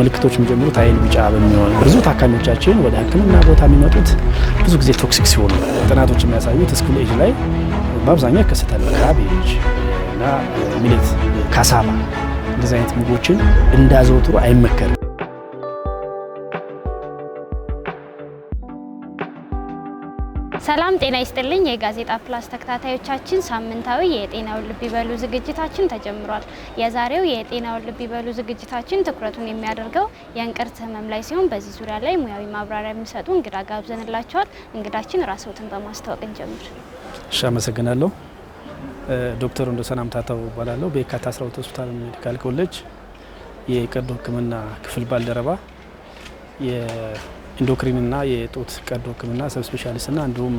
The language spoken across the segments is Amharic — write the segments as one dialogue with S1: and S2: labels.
S1: ምልክቶች የሚጀምሩት አይን ቢጫ በሚሆን ብዙ ታካሚዎቻችን ወደ ሕክምና ቦታ የሚመጡት ብዙ ጊዜ ቶክሲክ ሲሆኑ ጥናቶች የሚያሳዩት ስኩል ኤጅ ላይ በአብዛኛው ይከሰታል። ካቤጅ እና ሚሌት፣ ካሳባ እንደዚህ አይነት ምግቦችን እንዳዘወትሩ አይመከርም።
S2: ሰላም ጤና ይስጥልኝ። የጋዜጣ ፕላስ ተከታታዮቻችን ሳምንታዊ የጤናው ልብ ይበሉ ዝግጅታችን ተጀምሯል። የዛሬው የጤናው ልብ ይበሉ ዝግጅታችን ትኩረቱን የሚያደርገው የእንቅርት ህመም ላይ ሲሆን በዚህ ዙሪያ ላይ ሙያዊ ማብራሪያ የሚሰጡ እንግዳ ጋብዘንላቸዋል። እንግዳችን ራስዎትን በማስተዋወቅ እንጀምር።
S3: እሺ፣ አመሰግናለሁ። ዶክተር ወንዶሰን አምታታው እባላለሁ። በየካቲት 12 ሆስፒታል ሜዲካል ኮሌጅ የቀዶ ህክምና ክፍል ባልደረባ ኢንዶክሪንና የጡት ቀዶ ህክምና ሰብ ስፔሻሊስትና እንዲሁም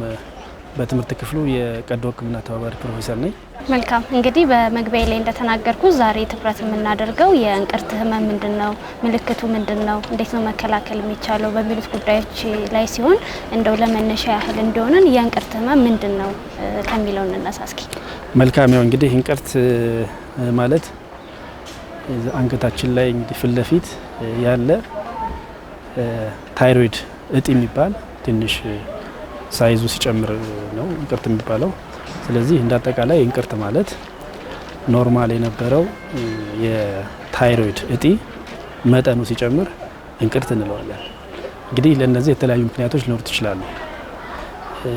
S3: በትምህርት ክፍሉ የቀዶ ህክምና ተባባሪ ፕሮፌሰር ነኝ።
S2: መልካም እንግዲህ በመግቢያ ላይ እንደተናገርኩ ዛሬ ትኩረት የምናደርገው የእንቅርት ህመም ምንድን ነው፣ ምልክቱ ምንድን ነው፣ እንዴት ነው መከላከል የሚቻለው በሚሉት ጉዳዮች ላይ ሲሆን እንደው ለመነሻ ያህል እንደሆነን የእንቅርት ህመም ምንድን ነው ከሚለው እንነሳ እስኪ።
S3: መልካም ያው እንግዲህ እንቅርት ማለት አንገታችን ላይ እንግዲህ ፊት ለፊት ያለ ታይሮይድ እጢ የሚባል ትንሽ ሳይዙ ሲጨምር ነው እንቅርት የሚባለው። ስለዚህ እንደ አጠቃላይ እንቅርት ማለት ኖርማል የነበረው የታይሮይድ እጢ መጠኑ ሲጨምር እንቅርት እንለዋለን። እንግዲህ ለእነዚህ የተለያዩ ምክንያቶች ሊኖሩት ይችላሉ።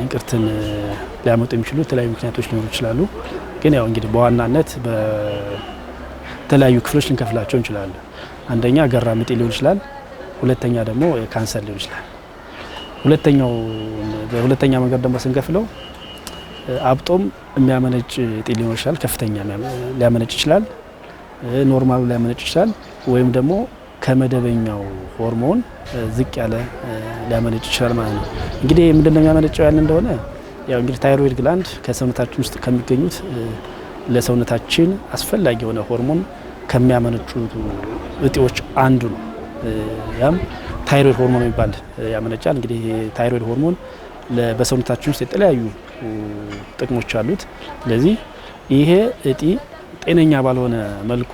S3: እንቅርትን ሊያመጡ የሚችሉ የተለያዩ ምክንያቶች ሊኖሩ ይችላሉ። ግን ያው እንግዲህ በዋናነት በተለያዩ ክፍሎች ልንከፍላቸው እንችላለን። አንደኛ ገራም እጢ ሊሆን ይችላል። ሁለተኛ ደግሞ ካንሰር ሊሆን ይችላል። ሁለተኛው በሁለተኛ መንገድ ደግሞ ስንከፍለው አብጦም የሚያመነጭ እጢ ሊሆን ይችላል። ከፍተኛ ሊያመነጭ ይችላል፣ ኖርማሉ ሊያመነጭ ይችላል፣ ወይም ደግሞ ከመደበኛው ሆርሞን ዝቅ ያለ ሊያመነጭ ይችላል ማለት ነው። እንግዲህ ምንድን ነው የሚያመነጨው ያለ እንደሆነ ያው እንግዲህ ታይሮይድ ግላንድ ከሰውነታችን ውስጥ ከሚገኙት ለሰውነታችን አስፈላጊ የሆነ ሆርሞን ከሚያመነጩ እጢዎች አንዱ ነው። ያም ታይሮይድ ሆርሞን የሚባል ያመነጫል። እንግዲህ ታይሮይድ ሆርሞን በሰውነታችን ውስጥ የተለያዩ ጥቅሞች አሉት። ስለዚህ ይሄ እጢ ጤነኛ ባልሆነ መልኩ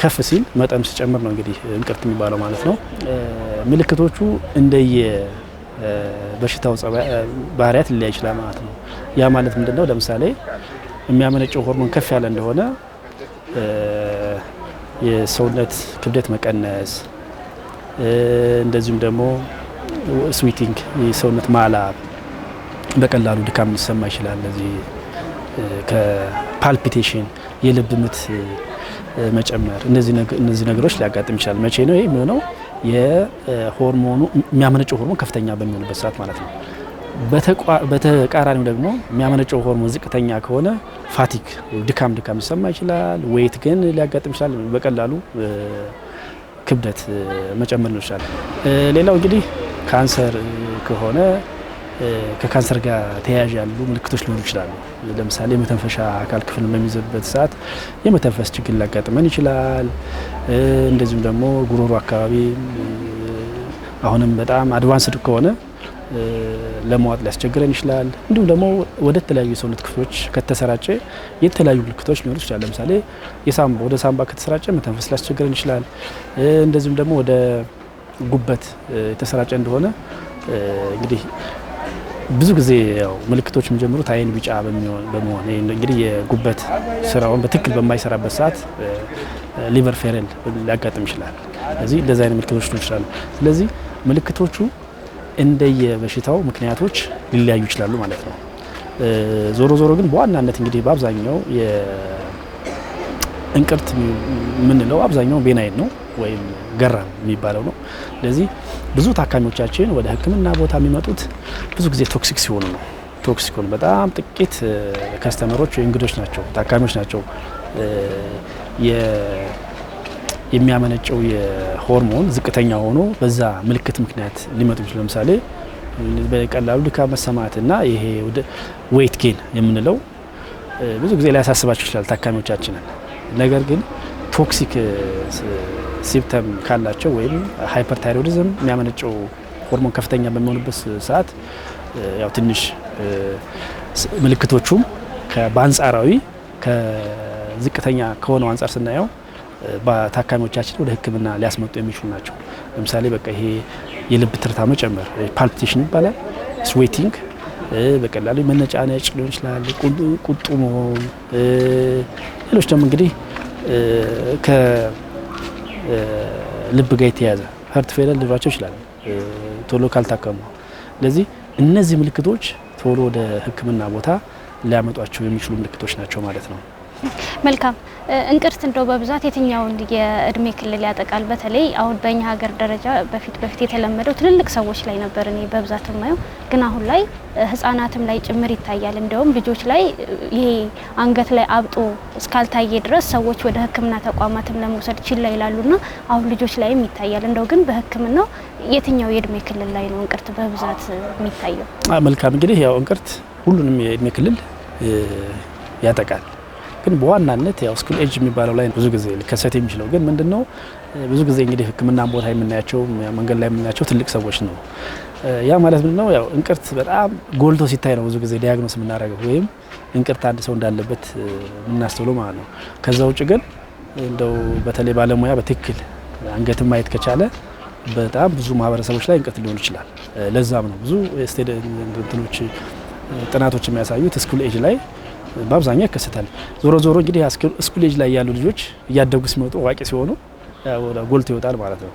S3: ከፍ ሲል መጠኑ ሲጨምር ነው እንግዲህ እንቅርት የሚባለው ማለት ነው። ምልክቶቹ እንደየ በሽታው ባህሪያት ሊለያይ ይችላል ማለት ነው። ያ ማለት ምንድነው? ለምሳሌ የሚያመነጨው ሆርሞን ከፍ ያለ እንደሆነ የሰውነት ክብደት መቀነስ፣ እንደዚሁም ደግሞ ስዊቲንግ የሰውነት ማላብ፣ በቀላሉ ድካም ሊሰማ ይችላል። እነዚህ ከፓልፒቴሽን የልብ ምት መጨመር፣ እነዚህ ነገሮች ሊያጋጥም ይችላል። መቼ ነው ይህ የሚሆነው? የሆርሞኑ የሚያመነጨው ሆርሞን ከፍተኛ በሚሆንበት ሰዓት ማለት ነው። በተቃራኒው ደግሞ የሚያመነጨው ሆርሞን ዝቅተኛ ከሆነ ፋቲግ ድካም ድካም ሊሰማ ይችላል። ወይት ግን ሊያጋጥም ይችላል። በቀላሉ ክብደት መጨመር ነው ይችላል። ሌላው እንግዲህ ካንሰር ከሆነ ከካንሰር ጋር ተያያዥ ያሉ ምልክቶች ሊሆኑ ይችላሉ። ለምሳሌ የመተንፈሻ አካል ክፍል በሚይዝበት ሰዓት የመተንፈስ ችግር ሊያጋጥመን ይችላል። እንደዚሁም ደግሞ ጉሮሮ አካባቢ አሁንም በጣም አድቫንስድ ከሆነ ለመዋጥ ሊያስቸግረን ይችላል። እንዲሁም ደግሞ ወደ ተለያዩ የሰውነት ክፍሎች ከተሰራጨ የተለያዩ ምልክቶች ሊኖሩ ይችላል። ለምሳሌ የሳምባ ወደ ሳምባ ከተሰራጨ መተንፈስ ሊያስቸግረን ይችላል። እንደዚሁም ደግሞ ወደ ጉበት የተሰራጨ እንደሆነ እንግዲህ ብዙ ጊዜ ያው ምልክቶች የሚጀምሩት አይን ቢጫ በመሆን እንግዲህ የጉበት ስራውን በትክክል በማይሰራበት ሰዓት ሊቨር ፌረል ሊያጋጥም ይችላል። ስለዚህ እንደዚህ አይነት ምልክቶች ይችላሉ። ስለዚህ ምልክቶቹ እንደየበሽታው ምክንያቶች ሊለያዩ ይችላሉ ማለት ነው። ዞሮ ዞሮ ግን በዋናነት እንግዲህ በአብዛኛው እንቅርት የምንለው አብዛኛው ቤናይን ነው ወይም ገራም የሚባለው ነው። ስለዚህ ብዙ ታካሚዎቻችን ወደ ሕክምና ቦታ የሚመጡት ብዙ ጊዜ ቶክሲክ ሲሆኑ ነው። ቶክሲክ ሲሆኑ በጣም ጥቂት ከስተመሮች ወይ እንግዶች ናቸው ታካሚዎች ናቸው የሚያመነጨው የሆርሞን ዝቅተኛ ሆኖ በዛ ምልክት ምክንያት ሊመጡ ይችላል። ለምሳሌ በቀላሉ ድካም መሰማትና ይሄ ዌይት ጌን የምንለው ብዙ ጊዜ ሊያሳስባቸው ይችላል ታካሚዎቻችንን። ነገር ግን ቶክሲክ ሲምፕተም eh, ካላቸው ወይም ሃይፐርታይሮይዲዝም የሚያመነጨው ሆርሞን ከፍተኛ በሚሆንበት ሰዓት eh, ያው ትንሽ eh, ምልክቶቹም በአንጻራዊ ከዝቅተኛ ከሆነው አንጻር ስናየው ታካሚዎቻችን ወደ ህክምና ሊያስመጡ የሚችሉ ናቸው። ለምሳሌ በቃ ይሄ የልብ ትርታ መጨመር ፓልፒቴሽን ይባላል። ስዌቲንግ በቀላሉ መነጫነጭ ሊሆን ይችላል። ቁጡ መሆን፣ ሌሎች ደግሞ እንግዲህ ከልብ ጋር የተያዘ ሀርት ፌለር ሊኖራቸው ይችላል ቶሎ ካልታከሙ። ስለዚህ እነዚህ ምልክቶች ቶሎ ወደ ህክምና ቦታ ሊያመጧቸው የሚችሉ ምልክቶች ናቸው ማለት ነው።
S2: መልካም እንቅርት እንደው በብዛት የትኛውን የእድሜ ክልል ያጠቃል? በተለይ አሁን በእኛ ሀገር ደረጃ በፊት በፊት የተለመደው ትልልቅ ሰዎች ላይ ነበር እኔ በብዛት የማየው፣ ግን አሁን ላይ ህጻናትም ላይ ጭምር ይታያል። እንዲሁም ልጆች ላይ ይሄ አንገት ላይ አብጦ እስካልታየ ድረስ ሰዎች ወደ ሕክምና ተቋማትም ለመውሰድ ችላ ይላሉና አሁን ልጆች ላይም ይታያል። እንደው ግን በሕክምናው የትኛው የእድሜ ክልል ላይ ነው እንቅርት በብዛት የሚታየው?
S3: መልካም እንግዲህ ያው እንቅርት ሁሉንም የእድሜ ክልል ያጠቃል ግን በዋናነት ያው ስኩል ኤጅ የሚባለው ላይ ብዙ ጊዜ ሊከሰት የሚችለው ግን ምንድን ነው? ብዙ ጊዜ እንግዲህ ሕክምና ቦታ የምናያቸው መንገድ ላይ የምናያቸው ትልቅ ሰዎች ነው። ያ ማለት ምንድን ነው? ያው እንቅርት በጣም ጎልቶ ሲታይ ነው ብዙ ጊዜ ዲያግኖስ የምናደርገው ወይም እንቅርት አንድ ሰው እንዳለበት የምናስተውለው ማለት ነው። ከዛ ውጭ ግን እንደው በተለይ ባለሙያ በትክክል አንገትን ማየት ከቻለ በጣም ብዙ ማህበረሰቦች ላይ እንቅርት ሊሆን ይችላል። ለዛም ነው ብዙ ስቴድ እንትኖች ጥናቶች የሚያሳዩት ስኩል ኤጅ ላይ በአብዛኛው ይከሰታል። ዞሮ ዞሮ እንግዲህ ስኩል ላይ ያሉ ልጆች እያደጉ ሲመጡ አዋቂ ሲሆኑ ጎልቶ ይወጣል ማለት ነው።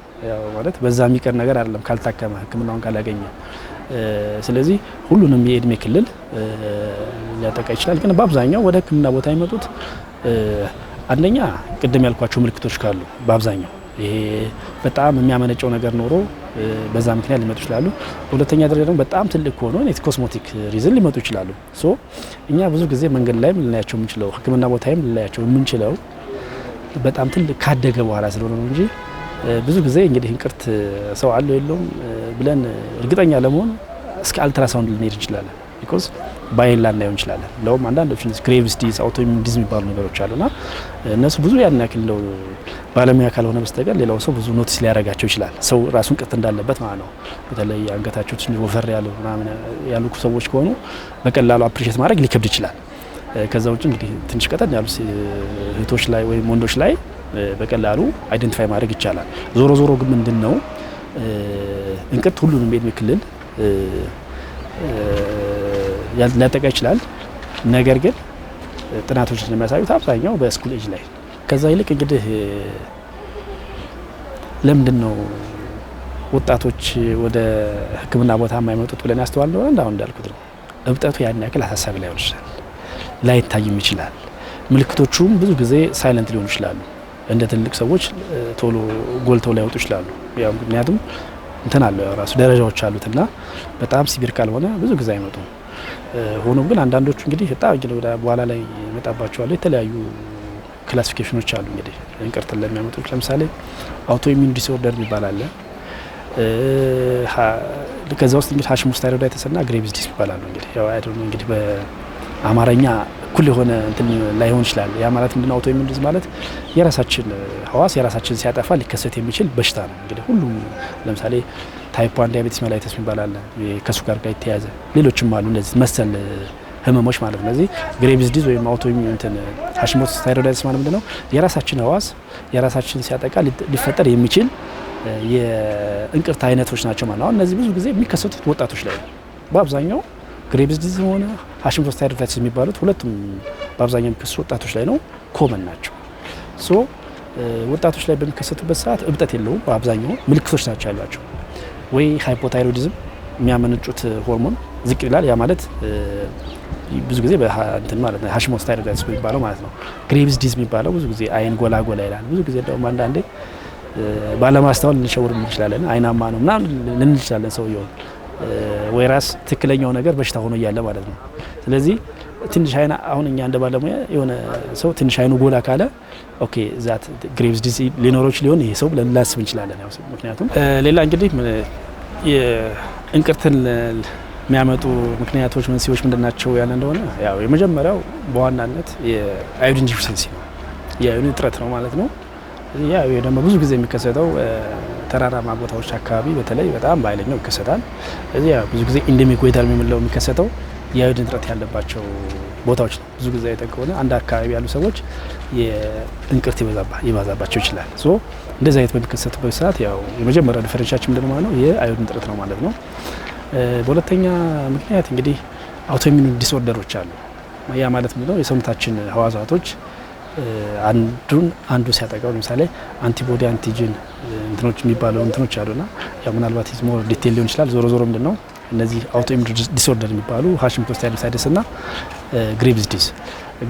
S3: ማለት በዛ የሚቀር ነገር አይደለም ካልታከመ ሕክምናውን ካላገኘ። ስለዚህ ሁሉንም የእድሜ ክልል ሊያጠቃ ይችላል። ግን በአብዛኛው ወደ ሕክምና ቦታ የመጡት አንደኛ ቅድም ያልኳቸው ምልክቶች ካሉ በአብዛኛው ይሄ በጣም የሚያመነጨው ነገር ኖሮ በዛ ምክንያት ሊመጡ ይችላሉ። በሁለተኛ ደረጃ ደግሞ በጣም ትልቅ ከሆነ ኮስሞቲክ ሪዝን ሊመጡ ይችላሉ። ሶ እኛ ብዙ ጊዜ መንገድ ላይም ልናያቸው የምንችለው ሕክምና ቦታይም ልናያቸው የምንችለው በጣም ትልቅ ካደገ በኋላ ስለሆነ ነው እንጂ ብዙ ጊዜ እንግዲህ እንቅርት ሰው አለው የለውም ብለን እርግጠኛ ለመሆን እስከ አልትራሳውንድ ልንሄድ እንችላለን ቢኮዝ ባይላ እናየው እንችላለን። እንደውም አንዳንዶች ግሬቭ ዲዝ አውቶሚን ዲዝ የሚባሉ ነገሮች አሉና እነሱ ብዙ ያን ያክል ባለሙያ ካልሆነ በስተቀር ሌላው ሰው ብዙ ኖቲስ ሊያደርጋቸው ይችላል። ሰው ራሱን ቅጥ እንዳለበት ማለት ነው። በተለይ አንገታቸው ትንሽ ወፈር ያሉ ምናምን ያሉ ሰዎች ከሆኑ በቀላሉ አፕሪሼት ማድረግ ሊከብድ ይችላል። ከዛ ውጭ እንግዲህ ትንሽ ቀጠን ያሉ እህቶች ላይ ወይም ወንዶች ላይ በቀላሉ አይደንቲፋይ ማድረግ ይቻላል። ዞሮ ዞሮ ግን ምንድን ነው እንቅጥ ሁሉንም የዕድሜ ክልል ሊያጠቃ ይችላል። ነገር ግን ጥናቶች እንደሚያሳዩት አብዛኛው በስኩል ኤጅ ላይ ከዛ ይልቅ እንግዲህ ለምንድን ነው ወጣቶች ወደ ሕክምና ቦታ የማይመጡት ብለን ያስተዋል እንደሆነ አሁን እንዳልኩት ነው። እብጠቱ ያን ያክል አሳሳቢ ላይሆን ይችላል፣ ላይታይም ይችላል። ምልክቶቹም ብዙ ጊዜ ሳይለንት ሊሆኑ ይችላሉ። እንደ ትልቅ ሰዎች ቶሎ ጎልተው ላይወጡ ይችላሉ። ያው ምክንያቱም እንትን አለው ራሱ ደረጃዎች አሉትና በጣም ሲቪር ካልሆነ ብዙ ጊዜ አይመጡም። ሆኖም ግን አንዳንዶቹ እንግዲህ በጣም በኋላ ላይ ይመጣባቸዋል። የተለያዩ ክላሲፊኬሽኖች አሉ እንግዲህ እንቅርትን ለሚያመጡት ለምሳሌ አውቶ ኢሚን ዲስኦርደር የሚባል አለ። ከዛ ውስጥ እንግዲህ ሀሽሞስ ታይሮዳይተስ እና ግሬቪስ ዲስ ይባላሉ እንግዲህ ያው እንግዲህ አማርኛ እኩል የሆነ እንትን ላይሆን ይችላል። ያ ማለት ምንድነው? አውቶ ኢሚዩኒቲ ማለት የራሳችን ህዋስ የራሳችን ሲያጠፋ ሊከሰት የሚችል በሽታ ነው። እንግዲህ ሁሉም ለምሳሌ ታይፕ 1 ዲያቤቲስ ሜላይተስ የሚባል አለ፣ ከሱ ጋር ጋር የተያያዘ ሌሎችም አሉ፣ እንደዚህ መሰል ህመሞች ማለት ነው። እዚህ ግሬቪስ ዲዝ ወይም አውቶ እንትን ሃሺሞቶስ ታይሮይዳይተስ ማለት ነው? የራሳችን ህዋስ የራሳችን ሲያጠቃ ሊፈጠር የሚችል የእንቅርት አይነቶች ናቸው ማለት ነው። እነዚህ ብዙ ጊዜ የሚከሰቱት ወጣቶች ላይ ነው በአብዛኛው ግሬቭስ ዲዚዝ ሆነ ሃሽም ዞስት ሄርቫይትስ የሚባሉት ሁለቱም በአብዛኛው የሚከሰቱ ወጣቶች ላይ ነው፣ ኮመን ናቸው። ሶ ወጣቶች ላይ በሚከሰቱበት ሰዓት እብጠት የለውም። በአብዛኛው ምልክቶች ናቸው ያሏቸው ወይ ሃይፖታይሮዲዝም የሚያመነጩት ሆርሞን ዝቅ ይላል። ያ ማለት ብዙ ጊዜ በእንትን ማለት ነው ሃሽም ዞስት የሚባለው ማለት ነው። ግሬቭስ ዲዚዝ የሚባለው ብዙ ጊዜ አይን ጎላጎላ ይላል። ብዙ ጊዜ ደግሞ አንዳንዴ ባለማስተዋል ልንሸውር እንችላለን። አይናማ ነው ምናምን ልንችላለን ሰውየውን ወይራስ ትክክለኛው ነገር በሽታ ሆኖ እያለ ማለት ነው። ስለዚህ ትንሽ አይና አሁን እኛ እንደ ባለሙያ የሆነ ሰው ትንሽ አይኑ ጎላ ካለ ኦኬ ዛት ግሬቭስ ዲዚ ሊኖሮች ሊሆን ይሄ ሰው ብለን ላስብ እንችላለን። ምክንያቱም ሌላ እንግዲህ እንቅርትን የሚያመጡ ምክንያቶች መንስኤዎች ምንድን ናቸው ያለ እንደሆነ ያው የመጀመሪያው በዋናነት የአዮዲን ዲፊሽንሲ ነው፣ የአዮዲን እጥረት ነው ማለት ነው። ያ ደግሞ ብዙ ጊዜ የሚከሰተው ተራራማ ቦታዎች አካባቢ በተለይ በጣም በኃይለኛው ይከሰታል። እዚያ ብዙ ጊዜ ኢንደሚክ ዌተር የምንለው የሚከሰተው የአዮዲን እጥረት ያለባቸው ቦታዎች ነው። ብዙ ጊዜ አይተህ ከሆነ አንድ አካባቢ ያሉ ሰዎች የእንቅርት ይበዛባቸው ይችላል። ሶ እንደዚህ አይነት በሚከሰትበት ሰዓት ያው የመጀመሪያ ዲፈረንሻችን ምንድን ማለት ነው የአዮዲን እጥረት ነው ማለት ነው። በሁለተኛ ምክንያት እንግዲህ አውቶሚኒ ዲስኦርደሮች አሉ። ያ ማለት ምንድነው የሰውነታችን ህዋሳቶች አንዱን አንዱ ሲያጠቃው ለምሳሌ አንቲቦዲ አንቲጂን እንትኖች የሚባለው እንትኖች አሉና ያው ምናልባት ሞር ዲቴል ሊሆን ይችላል። ዞሮ ዞሮ ምንድን ነው እነዚህ አውቶኢሚዩን ዲስኦርደር የሚባሉ ፖስት ታይሮሳይደስ እና ግሪቭዝ ዲዝ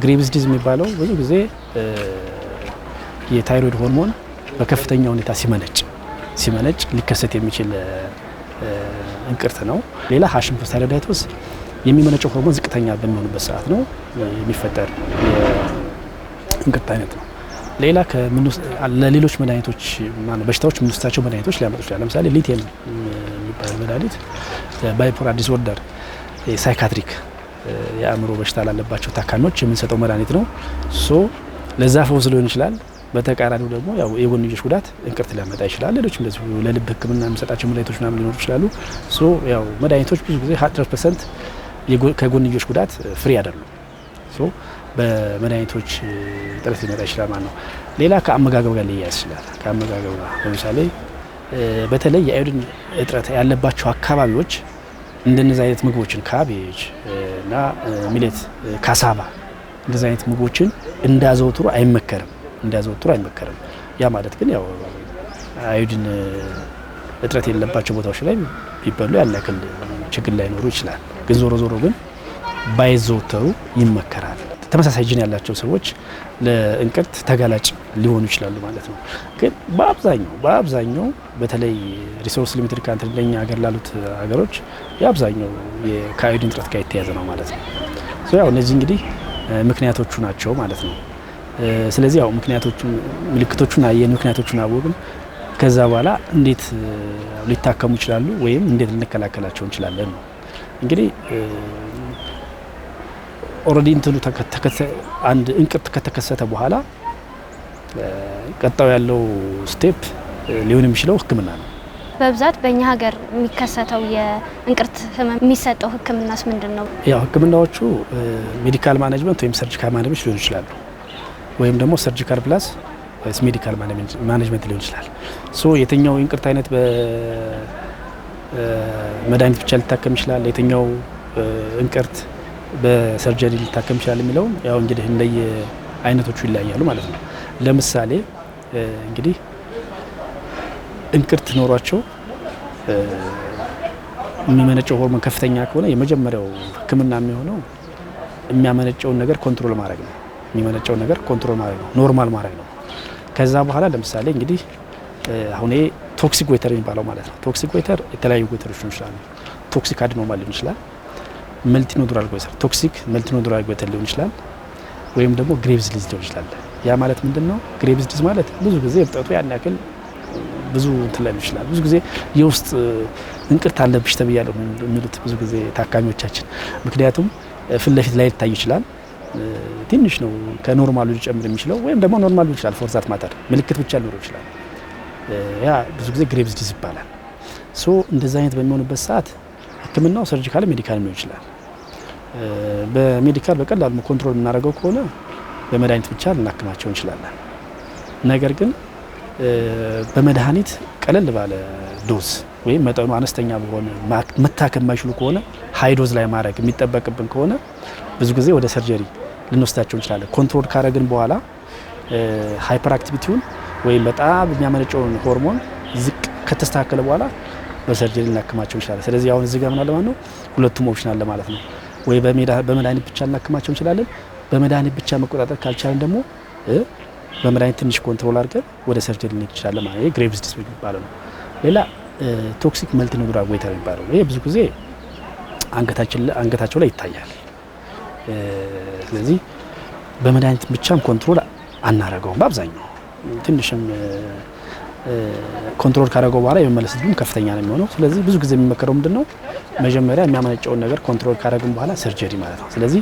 S3: ግሪቭዝ ዲዝ የሚባለው ብዙ ጊዜ የታይሮይድ ሆርሞን በከፍተኛ ሁኔታ ሲመነጭ ሲመነጭ ሊከሰት የሚችል እንቅርት ነው። ሌላ ፖስት ታይሮይዳይቶስ የሚመነጨው ሆርሞን ዝቅተኛ በሚሆንበት ሰዓት ነው የሚፈጠር እንቅርት አይነት ነው። ሌላ ለሌሎች መድኃኒቶች በሽታዎች የምንወስዳቸው መድኃኒቶች ሊያመጡ ይችላል። ለምሳሌ ሊቴም የሚባል መድኃኒት ባይፖላር ዲስኦርደር ሳይካትሪክ የአእምሮ በሽታ ላለባቸው ታካሚዎች የምንሰጠው መድኃኒት ነው። ሶ ለዛ ፈውስ ሊሆን ይችላል። በተቃራኒው ደግሞ ያው የጎንዮሽ ጉዳት እንቅርት ሊያመጣ ይችላል። ሌሎች እንደዚሁ ለልብ ሕክምና የምንሰጣቸው መድኃኒቶች ምናምን ሊኖሩ ይችላሉ። ሶ ያው መድኃኒቶች ብዙ ጊዜ 100 ፐርሰንት ከጎንዮሽ ጉዳት ፍሪ አይደሉም። በመድኃኒቶች ጥረት ሊመጣ ይችላል ማለት ነው። ሌላ ከአመጋገብ ጋር ሊያያዝ ይችላል። ከአመጋገብ ጋር ለምሳሌ በተለይ የአዮዲን እጥረት ያለባቸው አካባቢዎች እንደነዚህ አይነት ምግቦችን ካቤጅ እና ሚሌት፣ ካሳባ እንደዚህ አይነት ምግቦችን እንዳዘወትሩ አይመከርም። እንዳዘወትሩ አይመከርም። ያ ማለት ግን ያው አዮዲን እጥረት የለባቸው ቦታዎች ላይ ቢበሉ ያን ያክል ችግር ላይኖሩ ይችላል። ግን ዞሮ ዞሮ ግን ባይዘወተሩ ይመከራል። ተመሳሳይ ጅን ያላቸው ሰዎች ለእንቅርት ተጋላጭ ሊሆኑ ይችላሉ ማለት ነው። ግን በአብዛኛው በአብዛኛው በተለይ ሪሶርስ ሊሚትድ ካንትሪ ለኛ ሀገር ላሉት ሀገሮች የአብዛኛው ከአዮዲን እጥረት ጋር የተያዘ ነው ማለት ነው። ያው እነዚህ እንግዲህ ምክንያቶቹ ናቸው ማለት ነው። ስለዚህ ያው ምክንያቶቹን ምልክቶቹን አየን፣ ምክንያቶቹን አወቅን። ከዛ በኋላ እንዴት ሊታከሙ ይችላሉ ወይም እንዴት ልንከላከላቸው እንችላለን ነው እንግዲህ ኦልሬዲ እንትኑ አንድ እንቅርት ከተከሰተ በኋላ ቀጣው ያለው ስቴፕ ሊሆን የሚችለው ሕክምና ነው።
S2: በብዛት በእኛ ሀገር የሚከሰተው የእንቅርት ህመም የሚሰጠው ሕክምናስ ምንድን ነው?
S3: ያው ሕክምናዎቹ ሜዲካል ማኔጅመንት ወይም ሰርጂካል ማኔጅመንት ሊሆን ይችላሉ፣ ወይም ደግሞ ሰርጂካል ፕላስ ወይስ ሜዲካል ማኔጅመንት ሊሆን ይችላል። ሶ የትኛው የእንቅርት አይነት በመድኃኒት ብቻ ሊታከም ይችላል? የትኛው እንቅርት በሰርጀሪ ሊታከም ይችላል የሚለው ያው እንግዲህ እንደየ አይነቶቹ ይለያያሉ ማለት ነው። ለምሳሌ እንግዲህ እንቅርት ኖሯቸው የሚመነጨው ሆርሞን ከፍተኛ ከሆነ የመጀመሪያው ሕክምና የሚሆነው የሚያመነጨውን ነገር ኮንትሮል ማድረግ ነው። የሚመነጨውን ነገር ኮንትሮል ማድረግ ነው፣ ኖርማል ማድረግ ነው። ከዛ በኋላ ለምሳሌ እንግዲህ አሁን ቶክሲክ ጎይተር የሚባለው ማለት ነው። ቶክሲክ ጎይተር የተለያዩ ጎይተሮች ሊሆን ይችላሉ። ቶክሲክ አድኖማ ሊሆን ይችላል። መልቲኖዱራል ጎይተር ቶክሲክ መልቲኖዱራል ጎይተር ሊሆን ይችላል፣ ወይም ደግሞ ግሬቭዝ ዲዝ ሊሆን ይችላል። ያ ማለት ምንድን ነው? ግሬቭዝ ዲዝ ማለት ብዙ ጊዜ እብጠቱ ያን ያክል ብዙ እንትን ይችላል። ብዙ ጊዜ የውስጥ እንቅርት አለብሽ ተብያለሁ የሚሉት ብዙ ጊዜ ታካሚዎቻችን፣ ምክንያቱም ፊት ለፊት ላይ ሊታይ ይችላል ትንሽ ነው ከኖርማሉ ሊጨምር የሚችለው ወይም ደግሞ ኖርማሉ ይችላል ፎርዛት ማተር ምልክት ብቻ ሊኖረው ይችላል። ያ ብዙ ጊዜ ግሬቭዝ ዲዝ ይባላል። ሶ እንደዚህ አይነት በሚሆንበት ሰዓት ህክምናው ሰርጂካል ሜዲካል ሊሆን ይችላል። በሜዲካል በቀላሉ ኮንትሮል የምናደርገው ከሆነ በመድኃኒት ብቻ ልናክማቸው እንችላለን። ነገር ግን በመድኃኒት ቀለል ባለ ዶዝ ወይም መጠኑ አነስተኛ በሆነ መታከም የማይችሉ ከሆነ ሀይ ዶዝ ላይ ማድረግ የሚጠበቅብን ከሆነ ብዙ ጊዜ ወደ ሰርጀሪ ልንወስዳቸው እንችላለን። ኮንትሮል ካረግን በኋላ ሃይፐር አክቲቪቲውን ወይም በጣም የሚያመነጨውን ሆርሞን ዝቅ ከተስተካከለ በኋላ በሰርጀሪ ልናክማቸው እንችላለን። ስለዚህ አሁን እዚህ ጋር ምን ማለት ነው፣ ሁለቱም ኦፕሽን አለ ማለት ነው። ወይ በመድኃኒት ብቻ ልናክማቸው እንችላለን። በመድኃኒት ብቻ መቆጣጠር ካልቻለን ደግሞ በመድኃኒት ትንሽ ኮንትሮል አድርገን ወደ ሰርጀሪ ልንሄድ እንችላለን ማለት ነው። ግሬቭስ ዲስ የሚባለው ነው። ሌላ ቶክሲክ መልቲ ኖዱላር ጎይተር የሚባለው ነው። ይሄ ብዙ ጊዜ አንገታቸው ላይ ይታያል። ስለዚህ በመድኃኒት ብቻም ኮንትሮል አናረገውም። በአብዛኛው ትንሽም ኮንትሮል ካደረገው በኋላ የመመለስ ዕድሉም ከፍተኛ ነው የሚሆነው። ስለዚህ ብዙ ጊዜ የሚመከረው ምንድን ነው መጀመሪያ የሚያመነጨውን ነገር ኮንትሮል ካደረግን በኋላ ሰርጀሪ ማለት ነው። ስለዚህ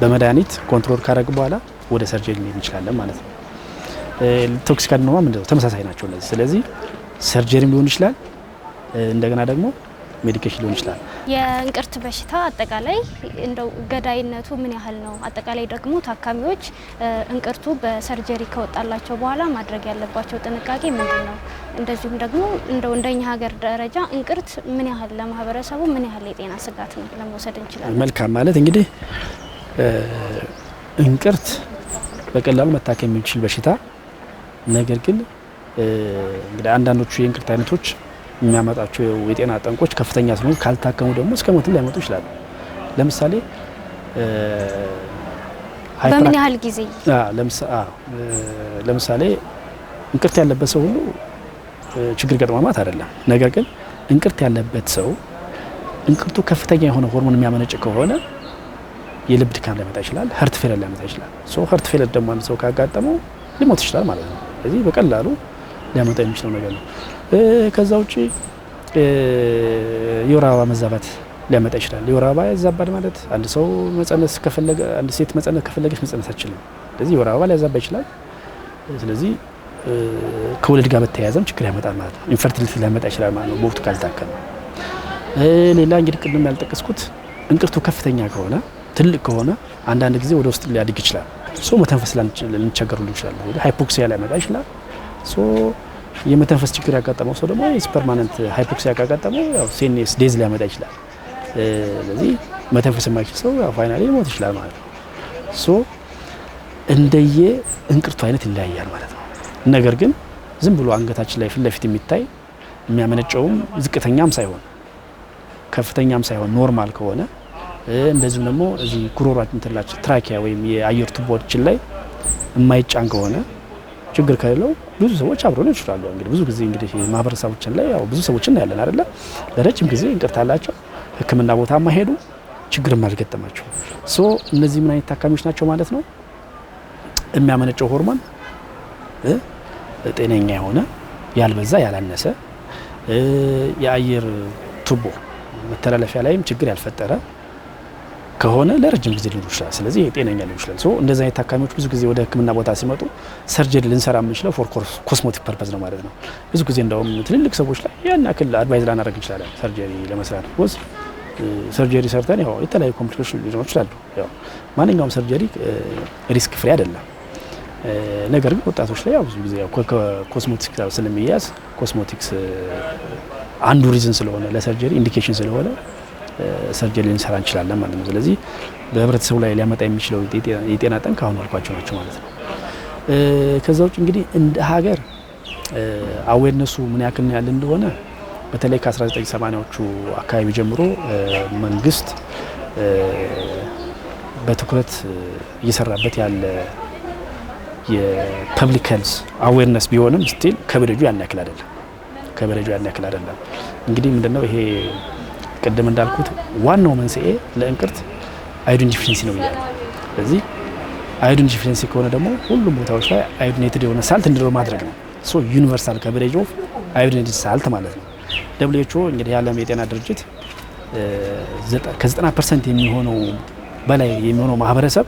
S3: በመድኃኒት ኮንትሮል ካረግን በኋላ ወደ ሰርጀሪ ሊሄድ እንችላለን ማለት ነው። ቶክሲካድኖማ ምንድነው? ተመሳሳይ ናቸው እነዚህ። ስለዚህ ሰርጀሪም ሊሆን ይችላል እንደገና ደግሞ ሜዲኬሽን ሊሆን ይችላል።
S2: የእንቅርት በሽታ አጠቃላይ እንደው ገዳይነቱ ምን ያህል ነው? አጠቃላይ ደግሞ ታካሚዎች እንቅርቱ በሰርጀሪ ከወጣላቸው በኋላ ማድረግ ያለባቸው ጥንቃቄ ምንድን ነው? እንደዚሁም ደግሞ እንደው እንደኛ ሀገር ደረጃ እንቅርት ምን ያህል ለማህበረሰቡ ምን ያህል የጤና ስጋት ነው ለመውሰድ እንችላለን?
S3: መልካም ማለት እንግዲህ እንቅርት በቀላሉ መታከም የሚችል በሽታ ነገር ግን እንግዲህ አንዳንዶቹ የእንቅርት አይነቶች የሚያመጣቸው የጤና ጠንቆች ከፍተኛ ስለሆኑ ካልታከሙ ደግሞ እስከ ሞትን ሊያመጡ ይችላሉ። ለምሳሌ
S2: በምን ያህል ጊዜ
S3: ለምሳሌ እንቅርት ያለበት ሰው ሁሉ ችግር ገጥማማት አይደለም። ነገር ግን እንቅርት ያለበት ሰው እንቅርቱ ከፍተኛ የሆነ ሆርሞን የሚያመነጭ ከሆነ የልብ ድካም ሊያመጣ ይችላል። ሀርት ፌለር ሊያመጣ ይችላል። ሶ ሀርት ፌለር ደግሞ አንድ ሰው ካጋጠመው ሊሞት ይችላል ማለት ነው። ስለዚህ በቀላሉ ሊያመጣ የሚችለው ነገር ነው። ከዛ ውጭ የወር አበባ መዛባት ሊያመጣ ይችላል። የወር አበባ ያዛባል ማለት አንድ ሰው መጸነስ ከፈለገ አንድ ሴት መጸነስ ከፈለገች መጸነስ አችልም። ስለዚህ የወር አበባ ሊያዛባ ይችላል። ስለዚህ ከወለድ ጋር በተያያዘም ችግር ያመጣል ማለት ነው። ኢንፈርቲሊቲ ሊያመጣ ይችላል ማለት ነው በወቅቱ ካልታከመ። ሌላ እንግዲህ ቅድም ያልጠቀስኩት እንቅርቱ ከፍተኛ ከሆነ ትልቅ ከሆነ አንዳንድ ጊዜ ወደ ውስጥ ሊያድግ ይችላል። ሰው መተንፈስ ልንቸገሩ ይችላል። ሃይፖክሲያ ሊያመጣ ይችላል። የመተንፈስ ችግር ያጋጠመው ሰው ደግሞ ፐርማነንት ሃይፖክሲያ ካጋጠመው ሴኔስ ዴዝ ሊያመጣ ይችላል። ስለዚህ መተንፈስ የማይችል ሰው ፋይናሊ ሞት ይችላል ማለት ነው። ሶ እንደየ እንቅርቱ አይነት ይለያያል ማለት ነው። ነገር ግን ዝም ብሎ አንገታችን ላይ ፊት ለፊት የሚታይ የሚያመነጨውም ዝቅተኛም ሳይሆን ከፍተኛም ሳይሆን ኖርማል ከሆነ እንደዚሁም ደግሞ እዚህ ጉሮሯችን ትላችን ትራኪያ ወይም የአየር ቱቦችን ላይ የማይጫን ከሆነ ችግር ከሌለው ብዙ ሰዎች አብረው ሊሆን ይችላሉ። እንግዲህ ብዙ ጊዜ እንግዲህ ማህበረሰቦችን ላይ ያው ብዙ ሰዎች እናያለን አይደለ? ለረጅም ጊዜ እንቅርታላቸው አላቸው፣ ቦታ ማሄዱ ችግር ማልገጠማቸው ሶ እነዚህ ምን አይነት ታካሚዎች ናቸው ማለት ነው? የሚያመነጨው ሆርሞን ጤነኛ የሆነ ያልበዛ ያላነሰ የአየር ቱቦ መተላለፊያ ላይም ችግር ያልፈጠረ ከሆነ ለረጅም ጊዜ ሊኖር ይችላል። ስለዚህ የጤነኛ ጤነኛ ሊሆን ይችላል። እንደዚህ አይነት ታካሚዎች ብዙ ጊዜ ወደ ሕክምና ቦታ ሲመጡ ሰርጀሪ ልንሰራ የምንችለው ፎር ኮስሞቲክ ፐርፐዝ ነው ማለት ነው። ብዙ ጊዜ እንደውም ትልልቅ ሰዎች ላይ ያን ያክል አድቫይዝ ላናደርግ እንችላለን ሰርጀሪ ለመስራት ቢኮዝ ሰርጀሪ ሰርተን ያው የተለያዩ ኮምፕሊኬሽን ሊኖር ይችላሉ። ያው ማንኛውም ሰርጀሪ ሪስክ ፍሪ አይደለም። ነገር ግን ወጣቶች ላይ ያው ብዙ ጊዜ ያው ስለሚያዝ ኮስሞቲክስ አንዱ ሪዝን ስለሆነ ለሰርጀሪ ኢንዲኬሽን ስለሆነ ሰርጀሪ ልንሰራ እንችላለን ማለት ነው። ስለዚህ በህብረተሰቡ ላይ ሊያመጣ የሚችለው የጤና ጠንቅ አሁን አልኳቸው ናቸው ማለት ነው። ከዛ ውጭ እንግዲህ እንደ ሀገር አዌርነሱ ምን ያክል ነው ያለ እንደሆነ በተለይ ከ1980ዎቹ አካባቢ ጀምሮ መንግስት በትኩረት እየሰራበት ያለ የፐብሊክ ሄልስ አዌርነስ ቢሆንም ስቲል ከበደጁ ያን ያክል አይደለም። ከበደጁ ያን ያክል አይደለም። እንግዲህ ምንድነው ይሄ ቅድም እንዳልኩት ዋናው መንስኤ ለእንቅርት አዮዲን ዲፊሽንሲ ነው ብያለሁ። ስለዚህ አዮዲን ዲፊሽንሲ ከሆነ ደግሞ ሁሉም ቦታዎች ላይ አዮዲኔትድ የሆነ ሳልት እንዲኖር ማድረግ ነው። ሶ ዩኒቨርሳል ከቨሬጅ ኦፍ አዮዲኔትድ ሳልት ማለት ነው። ደብሊው ኤች ኦ እንግዲህ የዓለም የጤና ድርጅት ከ90 ፐርሰንት የሚሆነው በላይ የሚሆነው ማህበረሰብ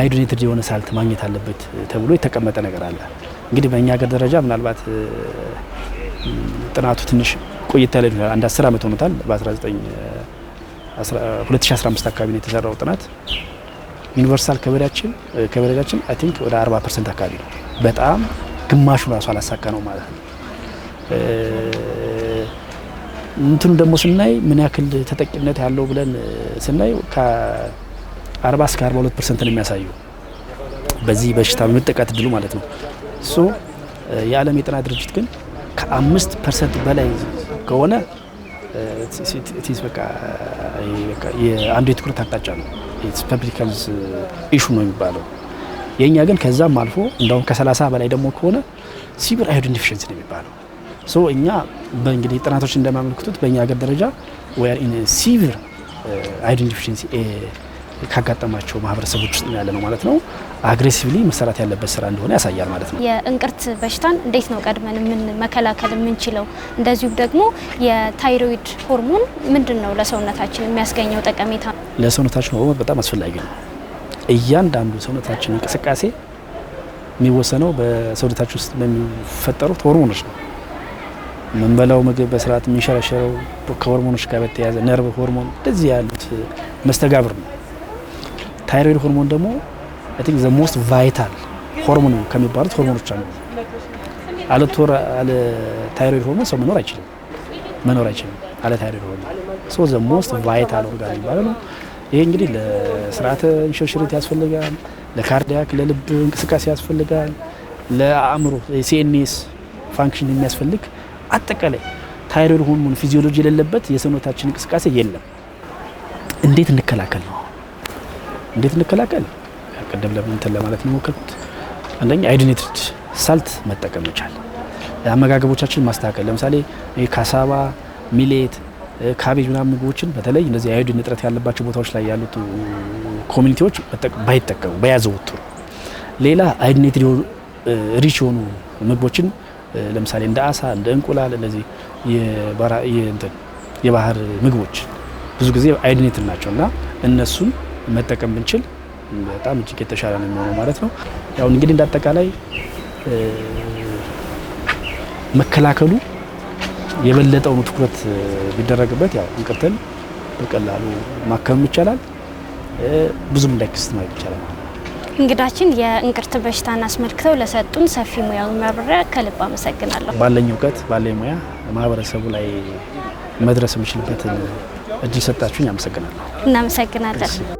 S3: አዮዲኔትድ የሆነ ሳልት ማግኘት አለበት ተብሎ የተቀመጠ ነገር አለ። እንግዲህ በእኛ ሀገር ደረጃ ምናልባት ጥናቱ ትንሽ ቆየት ላይ ይሆናል። አንድ 10 ዓመት ሆኖታል። በ2015 አካባቢ ነው የተሰራው ጥናት። ዩኒቨርሳል ከበዳችን ከበዳችን አይ ቲንክ ወደ 40 ፐርሰንት አካባቢ ነው። በጣም ግማሹ ራሱ አላሳካ ነው ማለት ነው። እንትኑ ደግሞ ስናይ ምን ያክል ተጠቂነት ያለው ብለን ስናይ ከ40 እስከ 42 ፐርሰንት ነው የሚያሳየው በዚህ በሽታ በመጠቃት እድሉ ማለት ነው። ሶ የዓለም የጤና ድርጅት ግን ከአምስት ፐርሰንት በላይ ከሆነ ቲዝ በቃ የአንዱ የትኩረት አቅጣጫ ነው። ፐብሊክ ሄልዝ ኢሹ ነው የሚባለው። የእኛ ግን ከዛም አልፎ እንደውም ከሰላሳ በላይ ደግሞ ከሆነ ሲቪር አዮዲን ዲፊሽንሲ ነው የሚባለው። ሶ እኛ በእንግዲህ ጥናቶች እንደሚያመለክቱት በእኛ ሀገር ደረጃ ሲቪር አዮዲን ዲፊሽንሲ ካጋጠማቸው ማህበረሰቦች ውስጥ ያለ ነው ማለት ነው። አግሬሲቭሊ መሰራት ያለበት ስራ እንደሆነ ያሳያል ማለት ነው።
S2: የእንቅርት በሽታን እንዴት ነው ቀድመን ምን መከላከል የምንችለው? እንደዚሁም ደግሞ የታይሮይድ ሆርሞን ምንድን ነው ለሰውነታችን የሚያስገኘው ጠቀሜታ?
S3: ለሰውነታችን ሆርሞን በጣም አስፈላጊ ነው። እያንዳንዱ ሰውነታችን እንቅስቃሴ የሚወሰነው በሰውነታችን ውስጥ በሚፈጠሩት ሆርሞኖች ነው። የምንበላው ምግብ በስርዓት የሚሸረሸረው ከሆርሞኖች ጋር በተያያዘ ነርቭ ሆርሞን፣ እንደዚህ ያሉት መስተጋብር ነው። ታይሮይድ ሆርሞን ደግሞ አይ ቲንክ ዘ ሞስት ቫይታል ሆርሞን ከሚባሉት ሆርሞኖች አንዱ አለ። አለ ታይሮይድ ሆርሞን ሰው መኖር አይችልም፣ መኖር አይችልም አለ ታይሮይድ ሆርሞን። ሶ ዘ ሞስት ቫይታል ኦርጋን የሚባለው ነው። ይሄ እንግዲህ ለስርዓተ እንሽርሽሪት ያስፈልጋል፣ ለካርዲያክ ለልብ እንቅስቃሴ ያስፈልጋል፣ ለአእምሮ ሲኤንኤስ ፋንክሽን የሚያስፈልግ አጠቃላይ ታይሮይድ ሆርሞን ፊዚዮሎጂ የሌለበት የሰውነታችን እንቅስቃሴ የለም። እንዴት እንከላከል ነው? እንዴት እንከላከል ቅድም ለምንትን ለማለት የሞከርኩት አንደኛ አይዲኔትድ ሳልት መጠቀም መቻል፣ አመጋገቦቻችን ማስተካከል። ለምሳሌ ካሳባ፣ ሚሌት፣ ካቤጅ ምናምን ምግቦችን በተለይ እነዚህ የአዮዲን እጥረት ያለባቸው ቦታዎች ላይ ያሉት ኮሚኒቲዎች ባይጠቀሙ ባያዘወትሩ። ሌላ አይዲኔትድ ሪች የሆኑ ምግቦችን ለምሳሌ እንደ አሳ፣ እንደ እንቁላል እነዚህ የባህር ምግቦች ብዙ ጊዜ አይዲኔትድ ናቸው እና እነሱን መጠቀም ብንችል በጣም እጅግ የተሻለ ነው የሚሆነው ማለት ነው። ያው እንግዲህ እንዳጠቃላይ መከላከሉ የበለጠውን ትኩረት ቢደረግበት ያው እንቅርትን በቀላሉ ማከም ይቻላል፣ ብዙም እንዳይከሰት ማለት ይቻላል።
S2: እንግዳችን የእንቅርት በሽታን አስመልክተው ለሰጡን ሰፊ ሙያዊ ማብራሪያ ከልብ አመሰግናለሁ።
S3: ባለኝ እውቀት ባለኝ ሙያ ማህበረሰቡ ላይ መድረስ የምችልበትን እድል ሰጣችሁኝ አመሰግናለሁ።
S2: እናመሰግናለን።